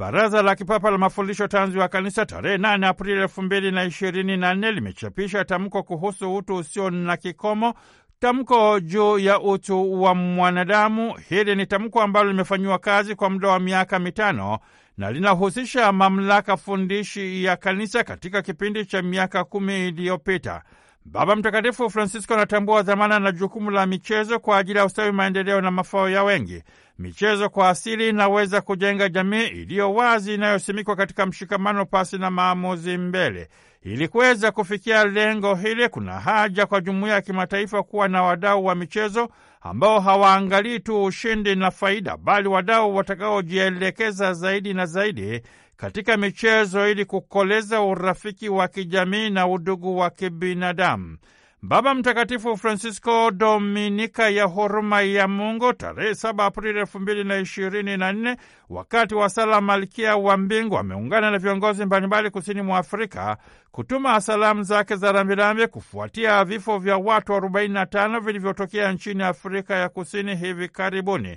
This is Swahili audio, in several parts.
Baraza la Kipapa la Mafundisho Tanzi wa Kanisa tarehe 8 Aprili elfu mbili na ishirini na nne limechapisha tamko kuhusu utu usio na kikomo, tamko juu ya utu wa mwanadamu. Hili ni tamko ambalo limefanyiwa kazi kwa muda wa miaka mitano na linahusisha mamlaka fundishi ya kanisa katika kipindi cha miaka kumi iliyopita. Baba Mtakatifu Francisco anatambua dhamana na jukumu la michezo kwa ajili ya ustawi, maendeleo na mafao ya wengi. Michezo kwa asili inaweza kujenga jamii iliyo wazi, inayosimikwa katika mshikamano pasi na maamuzi mbele. Ili kuweza kufikia lengo hili, kuna haja kwa jumuiya ya kimataifa kuwa na wadau wa michezo ambao hawaangalii tu ushindi na faida, bali wadau watakaojielekeza zaidi na zaidi katika michezo ili kukoleza urafiki wa kijamii na udugu wa kibinadamu. Baba Mtakatifu Francisco, Dominika ya Huruma ya Mungu, tarehe 7 Aprili 2024, wakati wa sala Malkia wa Mbingu, ameungana na viongozi mbalimbali kusini mwa Afrika kutuma salamu zake za rambirambi kufuatia vifo vya watu 45 vilivyotokea nchini Afrika ya Kusini hivi karibuni.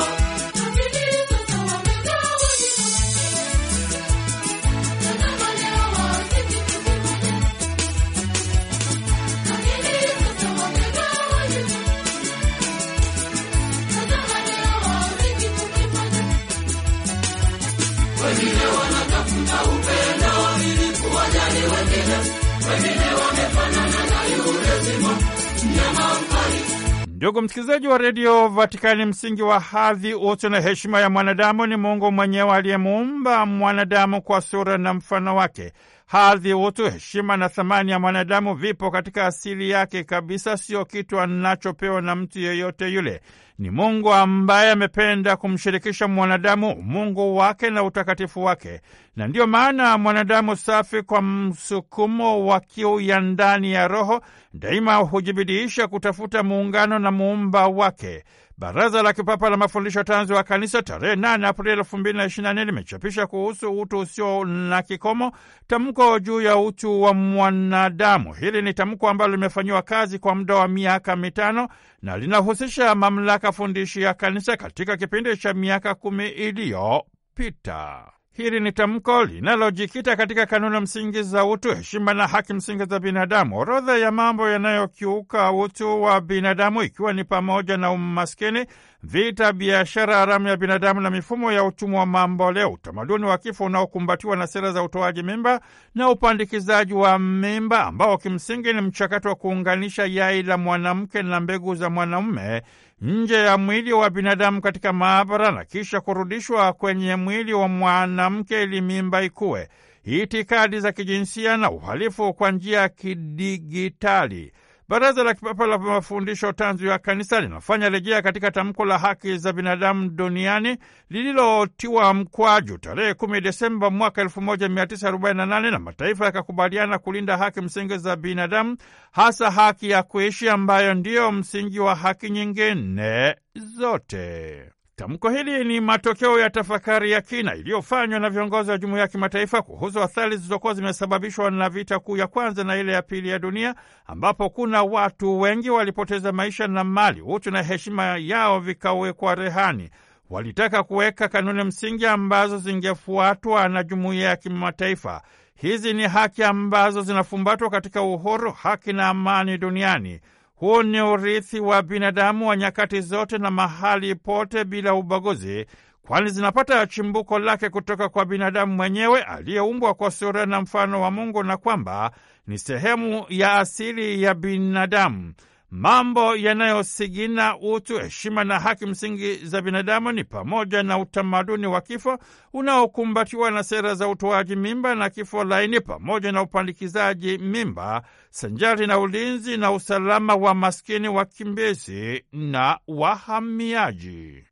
Ndugu msikilizaji wa redio Vatikani, msingi wa hadhi, utu na heshima ya mwanadamu ni Mungu mwenyewe aliyemuumba mwanadamu kwa sura na mfano wake hadhi, utu, heshima na thamani ya mwanadamu vipo katika asili yake kabisa, sio kitu anachopewa na mtu yeyote yule. Ni Mungu ambaye amependa kumshirikisha mwanadamu Mungu wake na utakatifu wake, na ndiyo maana mwanadamu safi kwa msukumo wa kiu ya ndani ya roho daima hujibidiisha kutafuta muungano na muumba wake. Baraza la Kipapa la Mafundisho Tanzu wa Kanisa tarehe 8 Aprili elfu mbili na ishirini na nne limechapisha kuhusu utu usio na kikomo tamko juu ya utu wa mwanadamu. Hili ni tamko ambalo limefanyiwa kazi kwa muda wa miaka mitano na linahusisha mamlaka fundishi ya kanisa katika kipindi cha miaka kumi iliyopita. Hili ni tamko linalojikita katika kanuni msingi za utu, heshima na haki msingi za binadamu. Orodha ya mambo yanayokiuka utu wa binadamu ikiwa ni pamoja na umaskini vita, biashara haramu ya binadamu na mifumo ya uchumi wa mamboleo, utamaduni wa kifo unaokumbatiwa na sera za utoaji mimba na upandikizaji wa mimba ambao kimsingi ni mchakato wa kuunganisha yai la mwanamke na mbegu za mwanaume nje ya mwili wa binadamu katika maabara na kisha kurudishwa kwenye mwili wa mwanamke ili mimba ikuwe Itikadi za kijinsia na uhalifu kwa njia ya kidigitali Baraza la Kipapa la Mafundisho Tanzu ya Kanisa linafanya rejea katika tamko la haki za binadamu duniani lililotiwa mkwaju tarehe 10 Desemba mwaka 1948 na mataifa yakakubaliana kulinda haki msingi za binadamu, hasa haki ya kuishi ambayo ndiyo msingi wa haki nyingine zote. Tamko hili ni matokeo ya tafakari ya kina iliyofanywa na viongozi wa jumuiya ya kimataifa kuhusu athari zilizokuwa zimesababishwa na vita kuu ya kwanza na ile ya pili ya dunia, ambapo kuna watu wengi walipoteza maisha na mali, utu na heshima yao vikawekwa rehani. Walitaka kuweka kanuni msingi ambazo zingefuatwa na jumuiya ya kimataifa. Hizi ni haki ambazo zinafumbatwa katika uhuru, haki na amani duniani. Huu ni urithi wa binadamu wa nyakati zote na mahali pote bila ubaguzi, kwani zinapata chimbuko lake kutoka kwa binadamu mwenyewe aliyeumbwa kwa sura na mfano wa Mungu na kwamba ni sehemu ya asili ya binadamu. Mambo yanayosigina utu, heshima na haki msingi za binadamu ni pamoja na utamaduni wa kifo unaokumbatiwa na sera za utoaji mimba na kifo laini pamoja na upandikizaji mimba, sanjari na ulinzi na usalama wa maskini, wakimbizi na wahamiaji.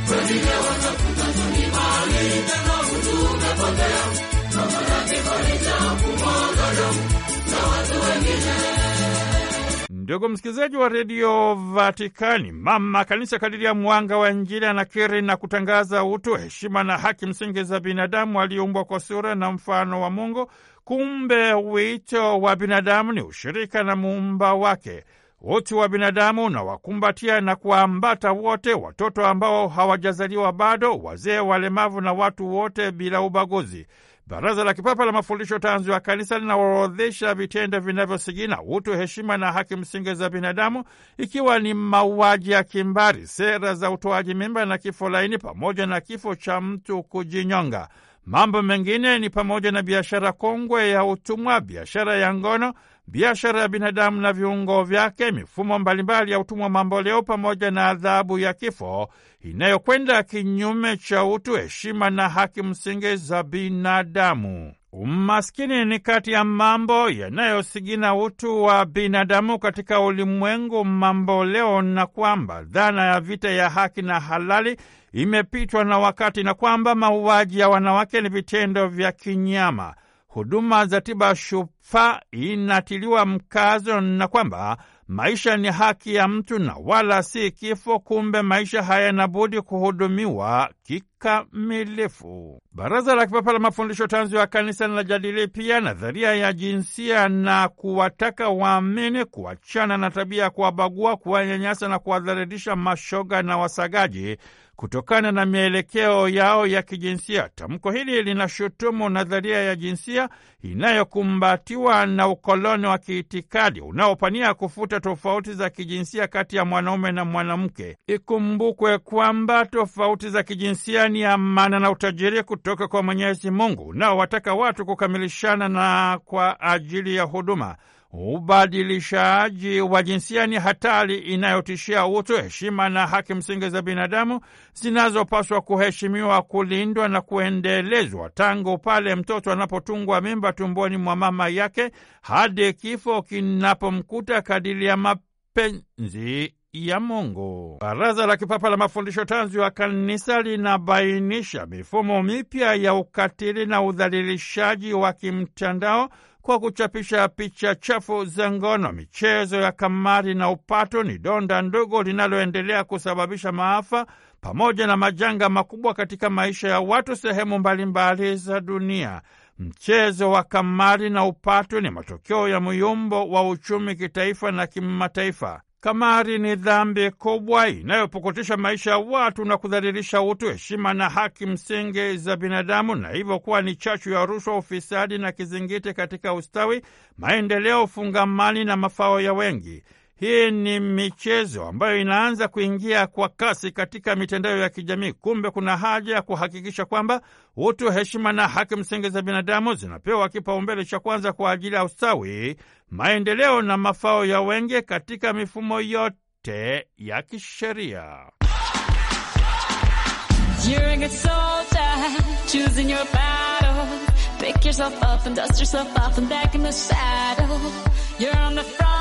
Ndugu msikilizaji wa redio Vatikani, mama kanisa kadiri ya mwanga wa Injili anakiri na kutangaza utu, heshima na haki msingi za binadamu aliumbwa kwa sura na mfano wa Mungu. Kumbe wito wa binadamu ni ushirika na muumba wake. Utu wa binadamu unawakumbatia na kuwaambata wote, watoto ambao hawajazaliwa bado, wazee, walemavu na watu wote bila ubaguzi. Baraza la Kipapa la Mafundisho Tanzu ya Kanisa linaorodhesha vitendo vinavyosigina utu, heshima na haki msingi za binadamu, ikiwa ni mauaji ya kimbari, sera za utoaji mimba na kifo laini, pamoja na kifo cha mtu kujinyonga. Mambo mengine ni pamoja na biashara kongwe ya utumwa, biashara ya ngono biashara ya binadamu na viungo vyake, mifumo mbalimbali ya utumwa mamboleo, pamoja na adhabu ya kifo inayokwenda kinyume cha utu, heshima na haki msingi za binadamu. Umaskini ni kati ya mambo yanayosigina utu wa binadamu katika ulimwengu mamboleo, na kwamba dhana ya vita ya haki na halali imepitwa na wakati, na kwamba mauaji ya wanawake ni vitendo vya kinyama huduma za tiba shufa inatiliwa mkazo na kwamba maisha ni haki ya mtu na wala si kifo. Kumbe maisha hayana budi kuhudumiwa kik kikamilifu. Baraza la Kipapa la Mafundisho Tanzu ya Kanisa linajadili pia nadharia ya jinsia na kuwataka waamini kuachana na tabia ya kuwabagua, kuwanyanyasa na kuwadharidisha mashoga na wasagaji kutokana na mielekeo yao ya kijinsia. Tamko hili linashutumu nadharia ya jinsia inayokumbatiwa na ukoloni wa kiitikadi unaopania kufuta tofauti za kijinsia kati ya mwanaume na mwanamke. Ikumbukwe kwamba tofauti za kijinsia imani ya mana na utajiri kutoka kwa Mwenyezi Mungu, nao wataka watu kukamilishana na kwa ajili ya huduma. Ubadilishaji wa jinsia ni hatari inayotishia utu, heshima na haki msingi za binadamu zinazopaswa kuheshimiwa, kulindwa na kuendelezwa tangu pale mtoto anapotungwa mimba tumboni mwa mama yake hadi kifo kinapomkuta kadiri ya mapenzi ya Mungu. Baraza la Kipapa la Mafundisho Tanzu ya Kanisa linabainisha mifumo mipya ya ukatili na udhalilishaji wa kimtandao kwa kuchapisha picha chafu za ngono, michezo ya kamari na upato ni donda ndogo linaloendelea kusababisha maafa pamoja na majanga makubwa katika maisha ya watu sehemu mbalimbali za dunia. Mchezo wa kamari na upato ni matokeo ya muyumbo wa uchumi kitaifa na kimataifa kamari ni dhambi kubwa inayopukutisha maisha ya watu na kudhalilisha utu, heshima na haki msingi za binadamu, na hivyo kuwa ni chachu ya rushwa, ufisadi na kizingiti katika ustawi, maendeleo, ufungamani na mafao ya wengi. Hii ni michezo ambayo inaanza kuingia kwa kasi katika mitandao ya kijamii. Kumbe kuna haja ya kuhakikisha kwamba utu, heshima na haki msingi za binadamu zinapewa kipaumbele cha kwanza kwa ajili ya ustawi, maendeleo na mafao ya wengi katika mifumo yote ya kisheria. You're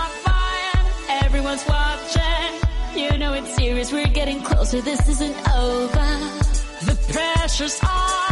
everyone's watching. You know it's serious, we're getting closer, this isn't over. The pressure's on.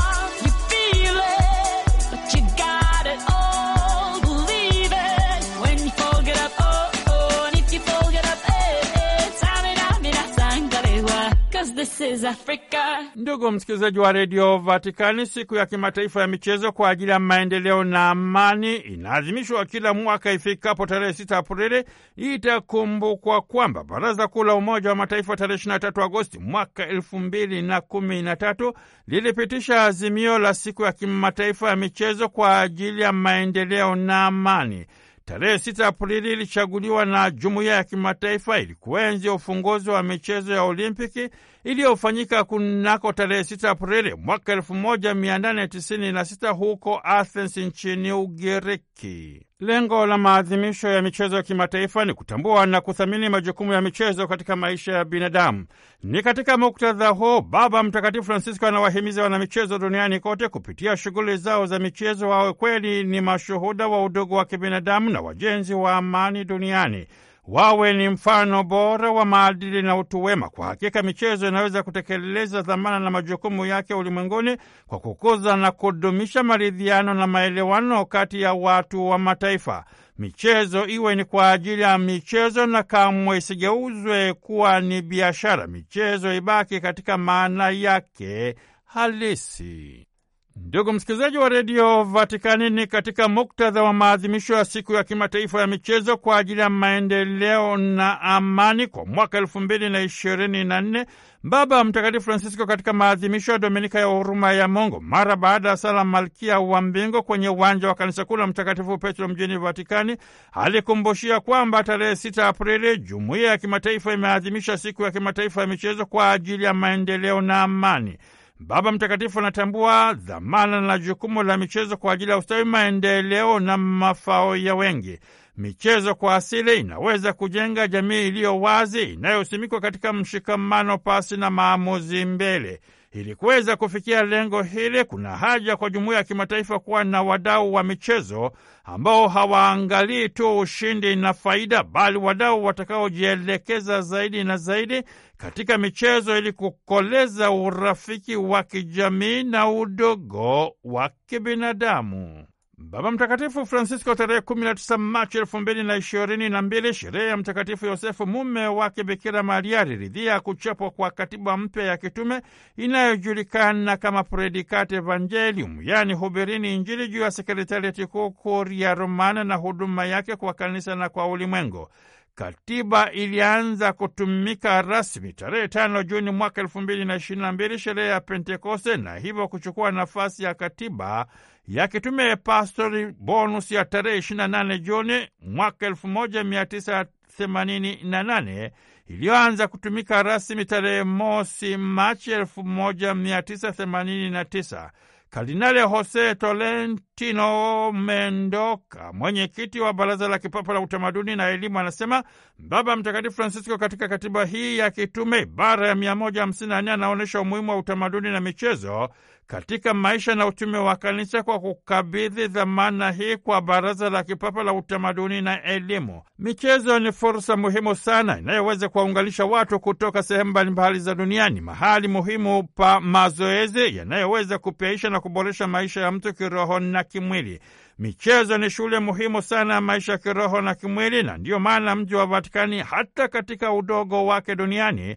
This is Africa. Ndugu msikilizaji wa redio Vatikani, siku ya kimataifa ya michezo kwa ajili ya maendeleo na amani inaadhimishwa kila mwaka ifikapo tarehe 6 Aprili. Itakumbukwa kwamba baraza kuu la Umoja wa Mataifa tarehe 23 Agosti mwaka 2013 lilipitisha azimio la siku ya kimataifa ya michezo kwa ajili ya maendeleo na amani. Tarehe 6 Aprili ilichaguliwa na jumuiya ya kimataifa ili kuenzi ufunguzi wa michezo ya Olimpiki iliyofanyika kunako tarehe 6 Aprili mwaka 1896 huko Athens nchini Ugiriki. Lengo la maadhimisho ya michezo ya kimataifa ni kutambua na kuthamini majukumu ya michezo katika maisha ya binadamu. Ni katika muktadha huu Baba Mtakatifu Francisco anawahimiza wanamichezo duniani kote kupitia shughuli zao za michezo wawe kweli ni mashuhuda wa udugu wa kibinadamu na wajenzi wa amani duniani wawe ni mfano bora wa maadili na utu wema. Kwa hakika michezo inaweza kutekeleza dhamana na majukumu yake ulimwenguni kwa kukuza na kudumisha maridhiano na maelewano kati ya watu wa mataifa. Michezo iwe ni kwa ajili ya michezo na kamwe isigeuzwe kuwa ni biashara. Michezo ibaki katika maana yake halisi. Ndugu msikilizaji wa redio Vatikani, ni katika muktadha wa maadhimisho ya siku ya kimataifa ya michezo kwa ajili ya maendeleo na amani kwa mwaka elfu mbili na ishirini na nne Baba Mtakatifu Francisco katika maadhimisho ya Dominika ya huruma ya Mungu mara baada ya sala Malkia wa mbingo kwenye uwanja wa kanisa kuu la Mtakatifu Petro mjini Vatikani alikumbushia kwamba tarehe sita Aprili jumuiya ya kimataifa imeadhimisha siku ya kimataifa ya michezo kwa ajili ya maendeleo na amani. Baba Mtakatifu anatambua dhamana na jukumu la michezo kwa ajili ya ustawi, maendeleo na mafao ya wengi. Michezo kwa asili inaweza kujenga jamii iliyo wazi, inayosimikwa katika mshikamano pasi na maamuzi mbele. Ili kuweza kufikia lengo hili, kuna haja kwa jumuiya ya kimataifa kuwa na wadau wa michezo ambao hawaangalii tu ushindi na faida, bali wadau watakaojielekeza zaidi na zaidi katika michezo ili kukoleza urafiki wa kijamii na udogo wa kibinadamu. Baba Mtakatifu Francisco tarehe 19 Machi mbili sherehe ya Mtakatifu Yosefu mume wake Bikira Maria, aliridhia kuchapwa kwa katiba mpya ya kitume inayojulikana kama Predicat Evangelium, yaani hubirini Injili, juu ya sekretarieti kuu Kuria Romana na huduma yake kwa kanisa na kwa ulimwengu. Katiba ilianza kutumika rasmi tarehe tano Juni mwaka elfu mbili na ishirini na mbili, sherehe ya Pentekoste, na hivyo kuchukua nafasi ya katiba ya kitume Pastori Bonus ya tarehe 28 Juni mwaka 1988 iliyoanza kutumika rasmi tarehe mosi Machi 1989. Kardinali Jose Tolentino Mendoka, mwenyekiti wa Baraza la Kipapa la Utamaduni na Elimu, anasema Baba Mtakatifu Francisco katika katiba hii ya kitume bara ya 154 anaonyesha umuhimu wa utamaduni na michezo katika maisha na utume wa kanisa kwa kukabidhi dhamana hii kwa Baraza la Kipapa la Utamaduni na Elimu. Michezo ni fursa muhimu sana inayoweza kuwaunganisha watu kutoka sehemu mbalimbali za duniani, mahali muhimu pa mazoezi yanayoweza kupeisha na kuboresha maisha ya mtu kiroho na kimwili. Michezo ni shule muhimu sana ya maisha ya kiroho na kimwili, na ndiyo maana mji wa Vatikani hata katika udogo wake duniani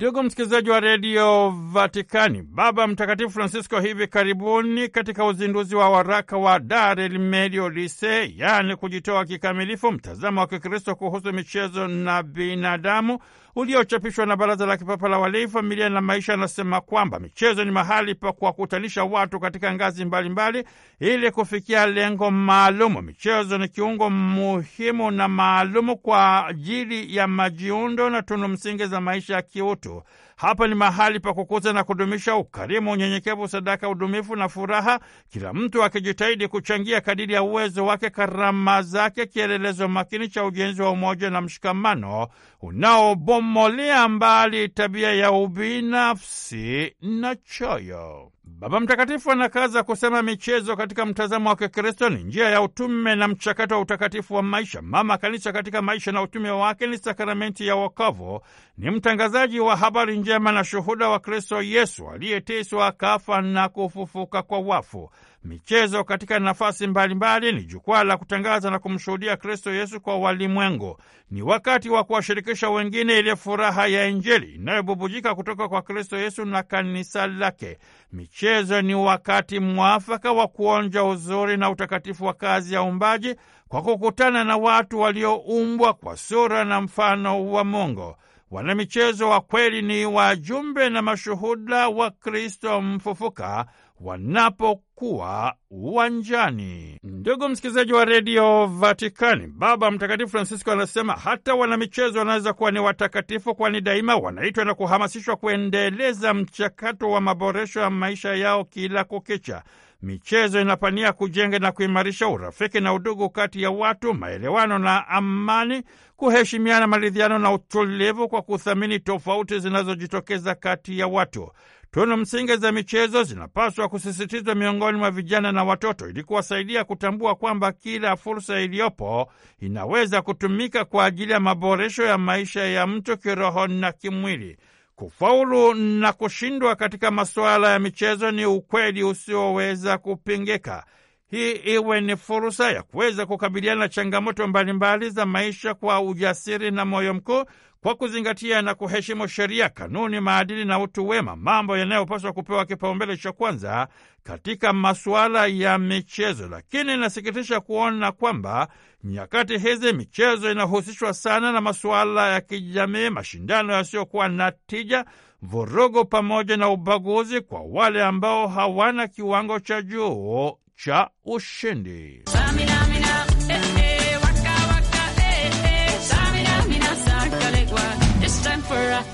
Ndugu msikilizaji wa redio Vatikani, Baba Mtakatifu Francisco hivi karibuni katika uzinduzi wa waraka wa Dare Medio Lise, yaani kujitoa kikamilifu, mtazamo wa Kikristo kuhusu michezo na binadamu uliochapishwa na Baraza la Kipapa la Walei, Familia na Maisha, anasema kwamba michezo ni mahali pa kuwakutanisha watu katika ngazi mbalimbali mbali, ili kufikia lengo maalumu. Michezo ni kiungo muhimu na maalumu kwa ajili ya majiundo na tunu msingi za maisha ya kiutu. Hapa ni mahali pa kukuza na kudumisha ukarimu, unyenyekevu, sadaka, udumifu na furaha, kila mtu akijitahidi kuchangia kadiri ya uwezo wake, karama zake, kielelezo makini cha ujenzi wa umoja na mshikamano unaobomolea mbali tabia ya ubinafsi na choyo. Baba Mtakatifu anakaza kusema michezo katika mtazamo wa Kikristo ni njia ya utume na mchakato wa utakatifu wa maisha. Mama Kanisa katika maisha na utume wake ni sakramenti ya wokovu, ni mtangazaji wa habari njema na shuhuda wa Kristo Yesu aliyeteswa, kafa na kufufuka kwa wafu. Michezo katika nafasi mbalimbali mbali, ni jukwaa la kutangaza na kumshuhudia Kristo Yesu kwa walimwengu. Ni wakati wa kuwashirikisha wengine ile furaha ya Injili inayobubujika kutoka kwa Kristo Yesu na kanisa lake. Michezo ni wakati mwafaka wa kuonja uzuri na utakatifu wa kazi ya umbaji kwa kukutana na watu walioumbwa kwa sura na mfano wa Mungu. Wanamichezo wa kweli ni wajumbe na mashuhuda wa Kristo mfufuka wanapokuwa uwanjani. Mm. Ndugu msikilizaji wa redio Vatikani, Baba Mtakatifu Francisco anasema hata wanamichezo wanaweza kuwa ni watakatifu, kwani daima wanaitwa na kuhamasishwa kuendeleza mchakato wa maboresho ya maisha yao kila kukicha. Michezo inapania kujenga na kuimarisha urafiki na udugu kati ya watu, maelewano na amani, kuheshimiana, maridhiano na utulivu, kwa kuthamini tofauti zinazojitokeza kati ya watu. Tunu msingi za michezo zinapaswa kusisitizwa miongoni mwa vijana na watoto ili kuwasaidia kutambua kwamba kila fursa iliyopo inaweza kutumika kwa ajili ya maboresho ya maisha ya mtu kiroho na kimwili. Kufaulu na kushindwa katika masuala ya michezo ni ukweli usioweza kupingika. Hii iwe ni fursa ya kuweza kukabiliana na changamoto mbalimbali za maisha kwa ujasiri na moyo mkuu kwa kuzingatia na kuheshimu sheria, kanuni, maadili na utu wema, mambo yanayopaswa kupewa kipaumbele cha kwanza katika masuala ya michezo. Lakini inasikitisha kuona kwamba nyakati hizi michezo inahusishwa sana na masuala ya kijamii, mashindano yasiyokuwa na tija, vurugu pamoja na ubaguzi kwa wale ambao hawana kiwango cha juu cha ushindi Sami.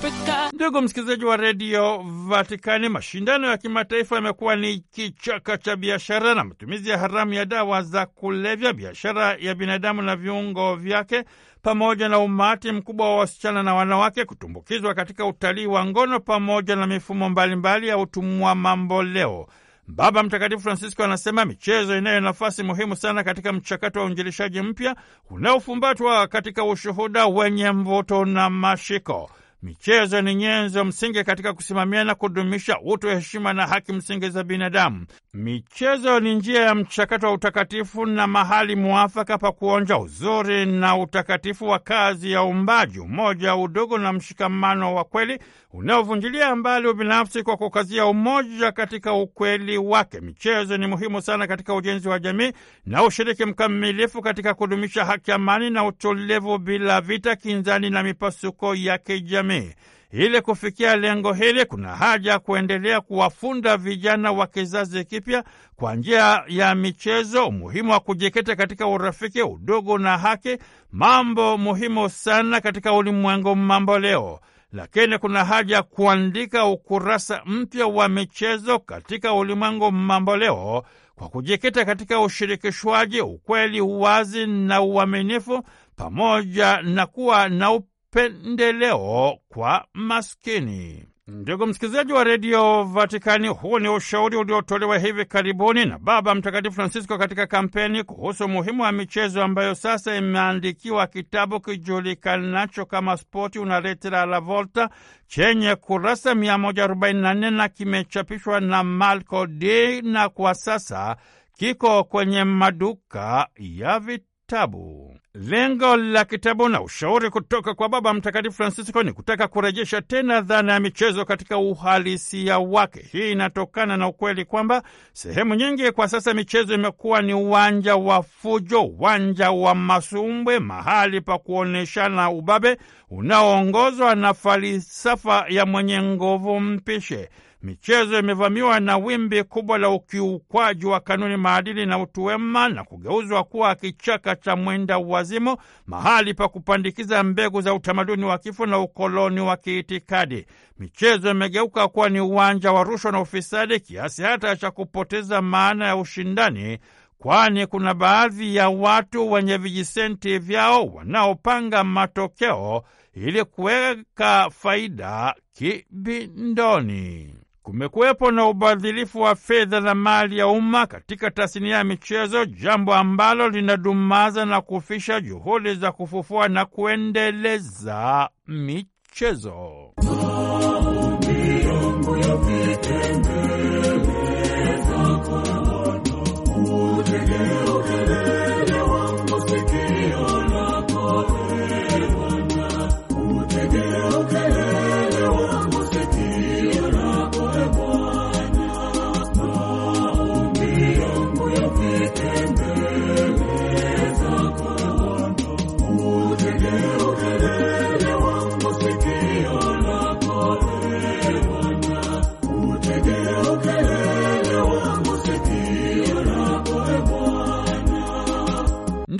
Afrika. Ndugu msikilizaji wa redio Vatikani, mashindano ya kimataifa yamekuwa ni kichaka cha biashara na matumizi ya haramu ya dawa za kulevya, biashara ya binadamu na viungo vyake, pamoja na umati mkubwa wa wasichana na wanawake kutumbukizwa katika utalii wa ngono, pamoja na mifumo mbalimbali ya utumwa leo Baba Mtakatifu Francisco anasema michezo inayo nafasi muhimu sana katika mchakato wa uinjilishaji mpya unaofumbatwa katika ushuhuda wenye mvuto na mashiko. Michezo ni nyenzo msingi katika kusimamia na kudumisha utu, heshima na haki msingi za binadamu. Michezo ni njia ya mchakato wa utakatifu na mahali mwafaka pa kuonja uzuri na utakatifu wa kazi ya umbaji umoja, udugu na mshikamano wa kweli unaovunjilia mbali ubinafsi kwa kukazia umoja katika ukweli wake. Michezo ni muhimu sana katika ujenzi wa jamii na ushiriki mkamilifu katika kudumisha haki, amani na utulivu bila vita, kinzani na mipasuko ya kijamii jamii. Ili kufikia lengo hili, kuna haja ya kuendelea kuwafunda vijana wa kizazi kipya kwa njia ya michezo, umuhimu wa kujikita katika urafiki, udugu na haki, mambo muhimu sana katika ulimwengu mambo leo. Lakini kuna haja ya kuandika ukurasa mpya wa michezo katika ulimwengu mambo leo kwa kujikita katika ushirikishwaji, ukweli, uwazi na uaminifu pamoja na kuwa na upendeleo kwa maskini. Ndugu msikilizaji wa redio Vatikani, huu ni ushauri uliotolewa hivi karibuni na Baba Mtakatifu Francisco katika kampeni kuhusu umuhimu wa michezo ambayo sasa imeandikiwa kitabu kijulikanacho kama Spoti una lettera alla volta chenye kurasa 144 na kimechapishwa na Marco D na kwa sasa kiko kwenye maduka ya vitabu. Lengo la kitabu na ushauri kutoka kwa Baba Mtakatifu Francisco ni kutaka kurejesha tena dhana ya michezo katika uhalisia wake. Hii inatokana na ukweli kwamba sehemu nyingi kwa sasa michezo imekuwa ni uwanja wa fujo, uwanja wa masumbwe, mahali pa kuonyeshana ubabe unaoongozwa na falsafa ya mwenye nguvu mpishe michezo imevamiwa na wimbi kubwa la ukiukwaji wa kanuni, maadili na utu wema na kugeuzwa kuwa kichaka cha mwenda uwazimu mahali pa kupandikiza mbegu za utamaduni wa kifo na ukoloni wa kiitikadi. Michezo imegeuka kuwa ni uwanja wa rushwa na ufisadi kiasi hata cha kupoteza maana ya ushindani kwani kuna baadhi ya watu wenye vijisenti vyao wanaopanga matokeo ili kuweka faida kibindoni. Kumekuwepo na ubadhilifu wa fedha na mali ya umma katika tasnia ya michezo, jambo ambalo linadumaza na kufisha juhudi za kufufua na kuendeleza michezo.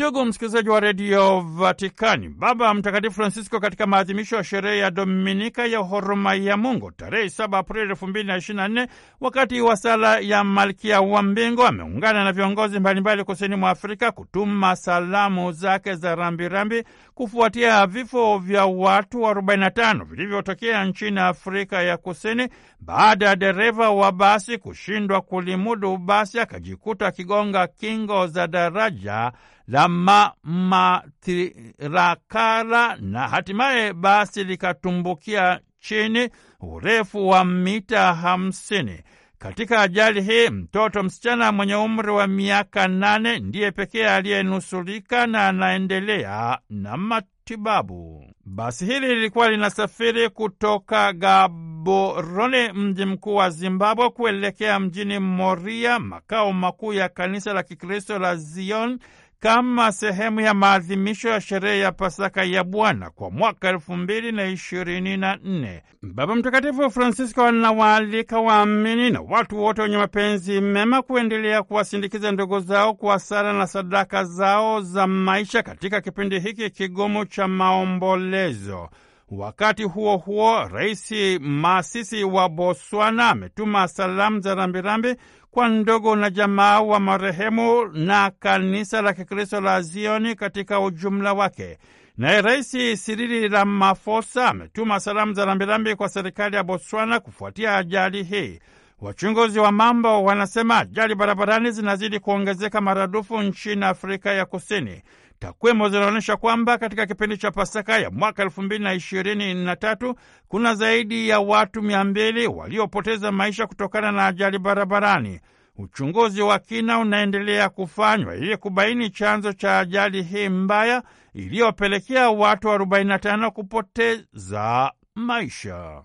Ndugu msikilizaji wa redio Vatikani, Baba Mtakatifu Francisco katika maadhimisho ya sherehe ya Dominika ya huruma ya Mungu tarehe 7 Aprili 2024 wakati wa sala ya Malkia wa Mbingu ameungana na viongozi mbalimbali kusini mwa Afrika kutuma salamu zake za rambirambi rambi kufuatia vifo vya watu 45 vilivyotokea nchini Afrika ya Kusini baada ya dereva wa basi kushindwa kulimudu basi akajikuta akigonga kingo za daraja la Mamatirakala na hatimaye basi likatumbukia chini urefu wa mita hamsini. Katika ajali hii mtoto msichana mwenye umri wa miaka nane ndiye pekee aliyenusurika na anaendelea na matibabu. Basi hili lilikuwa linasafiri kutoka Gaborone, mji mkuu wa Zimbabwe, kuelekea mjini Moria, makao makuu ya kanisa la Kikristo la Zion kama sehemu ya maadhimisho ya sherehe ya Pasaka ya Bwana kwa mwaka elfu mbili na ishirini na nne. Baba Mtakatifu Francisco anawaalika waamini na watu wote wenye mapenzi mema kuendelea kuwasindikiza ndogo zao kwa sala na sadaka zao za maisha katika kipindi hiki kigumu cha maombolezo. Wakati huo huo, rais maasisi wa Botswana ametuma salamu za rambirambi kwa ndugu na jamaa wa marehemu na kanisa la Kikristo la Zioni katika ujumla wake. Naye Rais Sirili Ramafosa ametuma salamu za rambirambi kwa serikali ya Botswana kufuatia ajali hii. Wachunguzi wa mambo wanasema ajali barabarani zinazidi kuongezeka maradufu nchini Afrika ya Kusini. Takwimu zinaonyesha kwamba katika kipindi cha Pasaka ya mwaka elfu mbili na ishirini na tatu kuna zaidi ya watu mia mbili waliopoteza maisha kutokana na ajali barabarani. Uchunguzi wa kina unaendelea kufanywa ili kubaini chanzo cha ajali hii mbaya iliyopelekea watu 45 kupoteza maisha.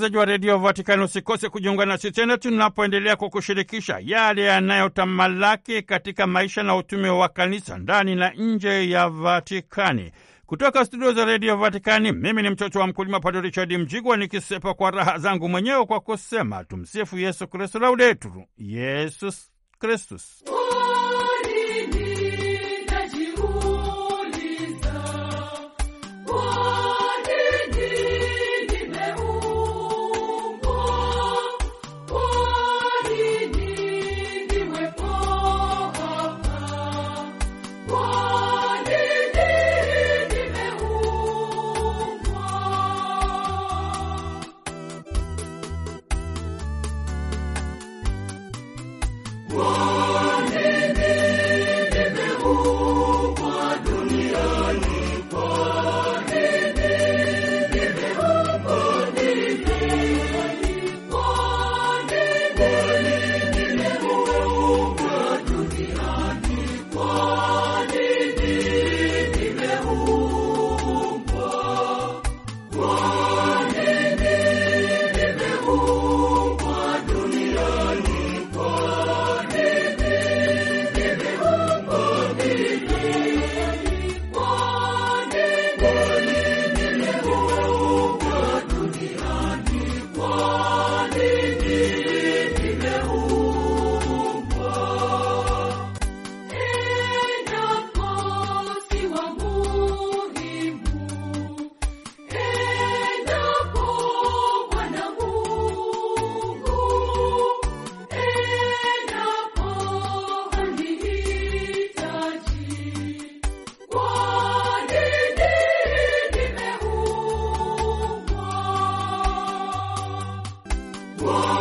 msikilizaji wa redio Vatikani, usikose kujiunga sisi tena tunapoendelea kukushirikisha yale yanayotamalaki katika maisha na utume wa kanisa ndani na nje ya Vatikani. Kutoka studio za redio Vatikani, mimi ni mtoto wa mkulima Padre Richard Mjigwa, nikisepa kwa raha zangu mwenyewe kwa kusema tumsifu Yesu Kristu, laudetur Yesus Kristus. Whoa.